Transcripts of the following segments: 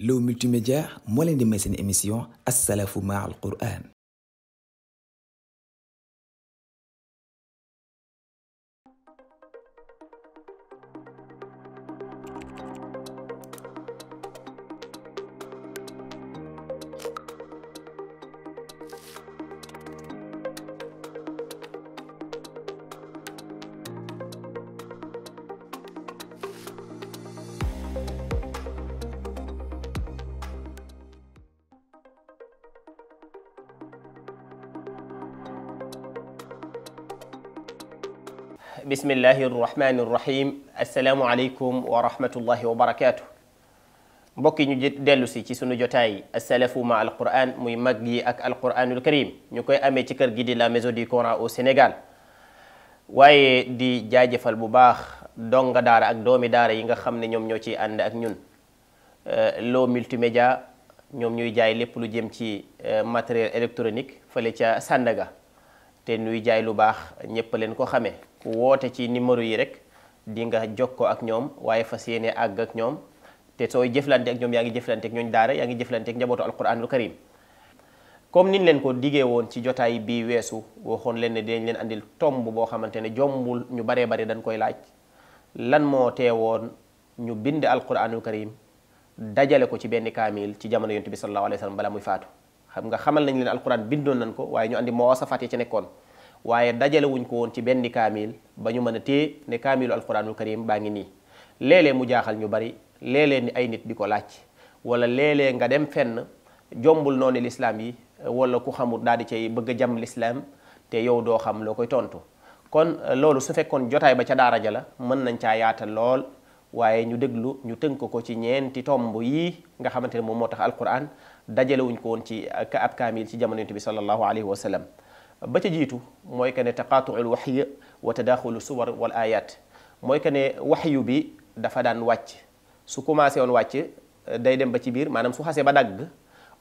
لو ملتي ميديا مولين دي ميسين اميسيون السلف مع القران بسم الله الرحمن الرحيم asalaamualeykum wa rahmatullahi wa barakaatu mbokk yi ñu dellu si ci sunu jotaay asalafu ma alquran muy mag yi ak alquranul karim ñu koy amee ci kër gi di la maison du Coran au Sénégal waaye di jaajëfal bu baax donga daara ak doomi daara yi nga xam ne ñoom ñoo ciy ànd ak ñun loo multimédia ñoom ñuy jaay lépp lu jëm ci matériel électronique fële ca Sandaga te ñuy jaay lu baax ñëpp leen ko xamee woote ci numéro yi rek di nga jokkoo ak ñoom waaye fas yéene àgg ak ñoom te sooy jëflante ak ñoom yaa ngi jëflante ak ñooñ daara yaa ngi jëflante ak njabootu alquranul karim comme niñ leen ko diggee woon ci jotaay bii weesu waxoon leen ne dinañ leen andil tomb boo xamante ne jombul ñu baree bare dañ koy laaj lan moo teewoon ñu bind alquranul karim dajale ko ci benn kaamil ci jamono yontu bi sallallahu alayhi wa sallam bala muy faatu xam nga xamal nañ leen alquran bindoon nañ ko waaye ñu andi moo wasafaat yi ci nekkoon waaye dajale wuñ ko woon ci benn kaamil ba ñu mën a téye ne kaamilu alquranul karim baa ngi nii léeg mu jaaxal ñu bari léeg ni ay nit di ko laaj wala léeg nga dem fenn jombul noonu lislaam yi wala ku xamul daal di cay bëgg a jam lislaam te yow doo xam loo koy tontu kon euh, loolu su fekkoon jotaay ba ca daara ja la mën nañ caa yaatal lool waaye ñu déglu ñu tënk ko ci ñeenti tomb yii nga xamante ne moom moo tax alquran dajale wuñ ko woon ci ab kaamil ci jamono yonent bi sallallahu alayhi wa sallam ba ca jiitu mooy que ne taqaatuul waxya wa tadaaxulu suwar wal ayat mooy que ne waxyu bi dafa daan wàcc su commencé woon wàcc day dem ba ci biir maanaam su xasee ba dagg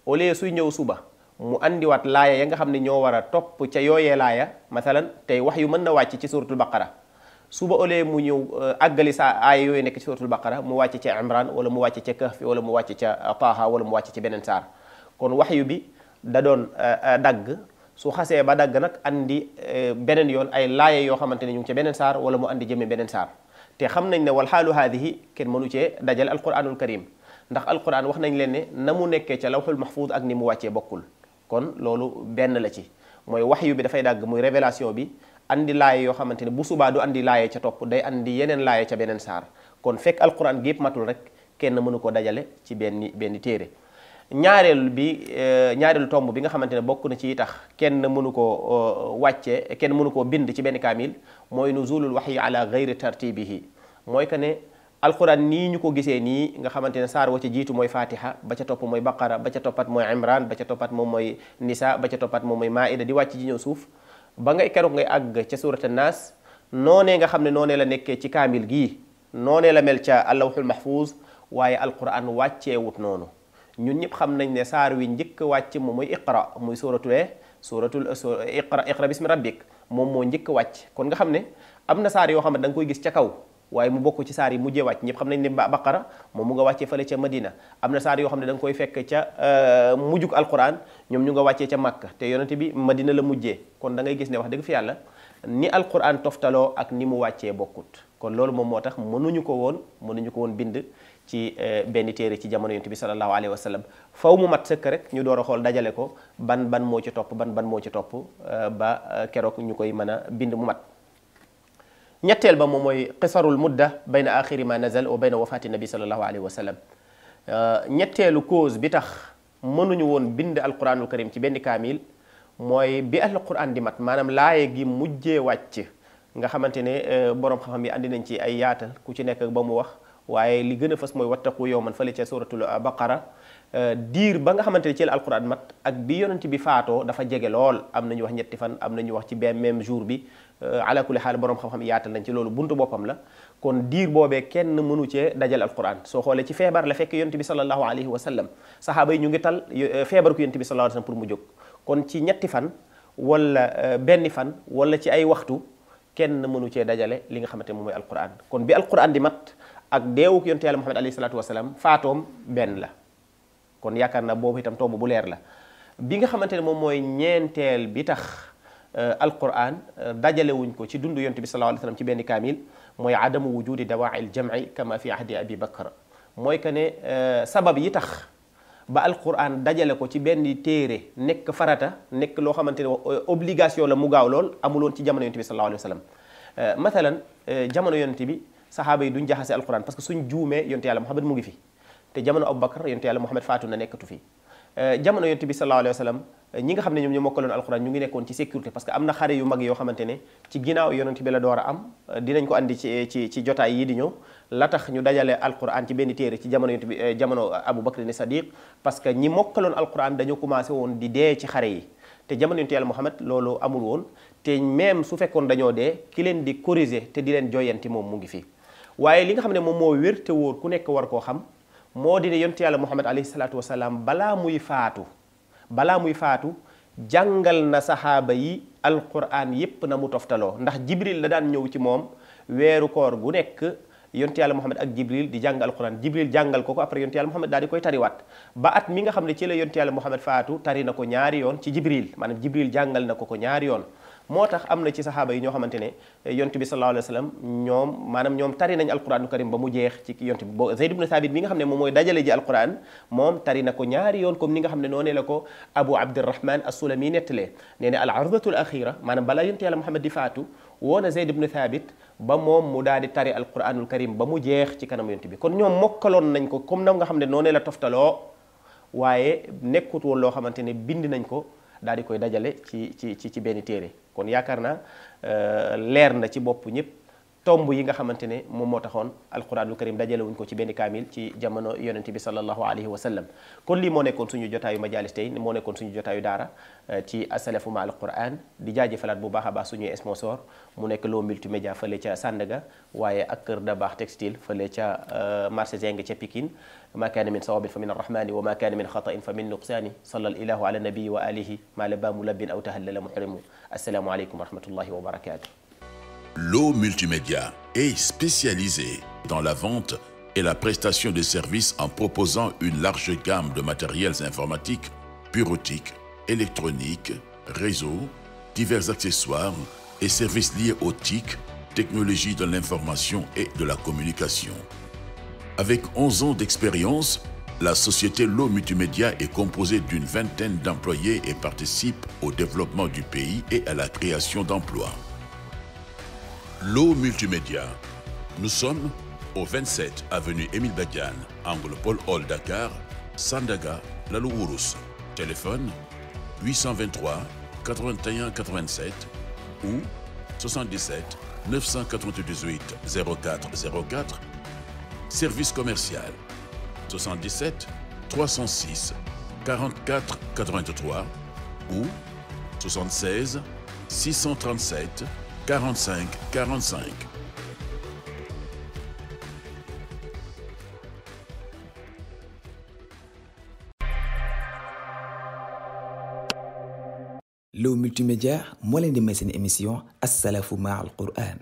au lieu suy ñëw suba mu andiwaat laaya ya nga xam ne ñoo war a topp ca yooyee laaya masalan tey waxyu mën na wàcc ci suratul baqara suba au lieu mu ñëw àggali sa aaya yooyu nekk ci suratul baqara mu wàcc ca imran wala mu wàcc ca kahfi wala mu wàcc ca taha wala mu wàcc ci beneen saar kon waxyu bi da doon dagg su xasee ba dagg andi benen yoon ay laaye yoo xamanteni ñu ngi benen sar saar wala mu andi jëmee benen saar te xam nañ ne wal haadihi kenn mënu cee dajale alquranul karim ndax alquran wax nañ leen ne na mu nekkee ca lawxul mahfuz ak ni mu wàccee bokkul kon loolu benn la ci mooy waxyu bi dafay dagg muy révélation bi andi laaye yoo xamante ne bu subaa du andi laaye ca topp day andi yeneen laaye ca beneen saar kon fekk alquran gépp matul rek kenn mënu ko dajale ci benn benn téere ñaarel bi ñaarel tomb bi nga xamantene bokku na ci tax kenn mënu ko wàcce kenn mënu ko bind ci ben kamil moy nuzulul wahyi ala ghayri tartibihi moy kané alquran ni ñu ko gisee nii nga xamantene sar wacce jitu moy fatiha ba ca top moy baqara ba ca topat moy imran ba ca topat moom mooy nisa ba ca topat moom mooy maida di wàcc ji ñëw suuf ba ngay kérok ngay àgg ca suurat nas noné nga xamné noné la nekké ci kamil gi noné la mel ca allahul mahfuz waye alquran wacce wut nonu ñun ñëpp xam nañ ne saar wi njëkk wàcc moom mooy iqra muy suuratul suuratul iqra iqra bismi rabbik moom moo njëkk wàcc kon nga xam ne am na saar yoo xam ne danga koy gis ca kaw waaye mu bokk ci saar yi mujjee wàcc xam nañ ne baqara moom mu nga wàccee fële ca madina am na saar yoo xam ne da nga koy fekk ca euh, mujjug alquran ñoom ñu nga wàccee ca màkk te yonente bi madina la mujjee kon da ngay gis ne wax dëgg fi yàlla ni alquran toftaloo ak ni mu wàccee bokkut kon loolu moom moo tax mënuñu ko woon mënuñu ko woon bind ci ben téré ci jamono yentibi sallallahu alayhi wa sallam faw mu mat sëkk rek ñu doora xol dajale ko ban ban mo ci top ban ban mo ci top ba kérok ñukoy mëna bind mu mat ñettel ba moom moy qisarul mudda bayna akhir ma nazal wa bayna wafati nabi sallallahu alayhi wa sallam cause bi tax ñu won bind alquranul karim ci ben kamil moy bi alquran di mat manam laye gi mujjé wàcc nga xamantene borom xam bi andi nañ ci ay yaatal ku ci nekk ba mu wax waaye li gën a fës mooy wattaqu yow man fële ca suratul baqara diir ba nga xamante ne ci la alquran mat ak bi yonent bi faatoo dafa jege lool am nañu wax ñetti fan am nañu wax ci benn même jour bi ala kulli xaal borom xam-xam yaatal nañ ci loolu buntu boppam la kon diir boobee kenn mënu cee dajal alquran soo xoolee ci feebar la fekk yonent bi sallallahu alayhi wa sallam saxaaba yi ñu ngi tal feebar ku yonent bi sallallahu alayhi wa sallam pour mu jóg kon ci ñetti fan wala benn fan wala ci ay waxtu kenn mënu cee dajale li nga xamante ne moom mooy alquran kon bi alquran di mat ak deewuk yonte yàlla Muhammad alayhi salaatu wasalaam fatom ben la kon yaakaar na boobu itam tombu bu leer la bi nga xamantene mom moy ñentel bi tax alquran dajale wuñ ko ci dundu yonte bi sallallahu alayhi wasallam ci ben kamil moy adamu wujudi dawa'il jam'i kama fi ahdi abi bakr moy kané sabab yi tax ba alquran dajale ko ci ben téré nek farata nek lo xamantene obligation la mu gaaw lool amuloon ci jamono yonte bi sallallahu alayhi wasallam mathalan jamono yonte bi saxaaba yi duñ jaxase alquran parce que suñ juumee yonte yàlla Muhammad mu ngi fi te jamono Abubakar yonte yàlla Muhammad faatu na nekkatu fi eh, jamono yonte bi eh, ñi nga xam ne ñoom ñoo mokkaloon alquran ñu ngi nekkoon ci sécurité parce que am na xare yu mag yoo ne ci ginnaaw yonent bi la door am eh, dinañ ko andi ci ci ci jotaay yi di ñëw la tax ñu dajale alquran ci benn téere ci jamono yonent bi jamono Abu Bakr ni Sadiq parce que ñi mokkaloon alquran dañoo commencé woon di dee ci xare yi te jamono yonent yàlla Muhammad loolu amul woon te même su fekkoon dañoo dee ki leen di corriger te di leen joyanti moom mu ngi fii waye li nga xamne mom mo werté wor ku nek war ko xam moo di yonte yàlla muhammad ali sallatu wasalaam bala muy faatu bala muy faatu jàngal na sahaba yi alquran yep na mu toftalo ndax jibril la dan ñëw ci mom wéru koor gu nek yonte yàlla muhammad ak jibril di jàng alquran jibril jàngal ko ko après yonte yàlla muhammad dal di koy tari wat ba at mi nga xamne ci la yonte yàlla muhammad faatu tari nako ñaari yon ci jibril manam jibril jàngal nako ko ñaari yon motax amna ci sahaba yi ñoo xamantene yonnte bi sallallahu alayhi wasallam sallam ñoom maanaam ñoom tari nañ alquran karim ba mu jeex ci yonnte bi zaid ibn sabit mi nga xamne mom moy dajale ji alquran mom tari nako ñaari yoon comme ni nga xamne noné lako Abu abdurrahman as-Sulami netle nettalee al-ardatu al ardatul manam bala yonnte yont yàlla Muhammad di fatu wona zaid ibn sabit ba mom mu daal tari alquranul karim ba mu jeex ci kanam yonnte bi kon ñoom mokkaloon nañ ko comme nga xamne noné la toftalo waye nekkut won lo xamante bind nañ ko daal di koy dajale ci ci ci ben téré kon yaakaar naa euh, leer na ci boppu ñëpp tomb yi nga xamantene ne mo taxone taxoon alquranul karim dajale wuñ ko ci ben kamil ci jamono yonnati bi sallallahu alayhi wa sallam kon li mo nekkon suñu yu majalis tay mo nekkon suñu yu dara ci asalafu ma alquran di jaji falat bu baax ba suñu sponsor mu nekk lo multimédia fële ci Sandaga waye ak keur da bax textile fële ci marché Zeng ci Pikine ما كان من صواب فمن الرحمن وما كان من خطأ فمن نقصان صلى min على النبي وآله ما nabiyi wa أو تهلل محرم السلام عليكم ورحمة الله وبركاته l'eau multimédia est spécialisée dans la vente et la prestation de services en proposant une large gamme de matériels informatiques, bureautiques, électroniques, réseaux, divers accessoires et services liés aux TIC, technologies de l'information et de la communication. Avec 11 ans d'expérience, la société L'eau Multimédia est composée d'une vingtaine d'employés et participe au développement du pays et à la création d'emplois l'eau multimédia. Nous sommes au 27 avenue Émile Badian, angle Paul Hall Dakar, Sandaga, Lalouourous. Téléphone 823 81 87 ou 77 998 04 04. Service commercial 77 306 44 83 ou 76 637 45 45. L'eau multimédia moi de di à émission al Qur'an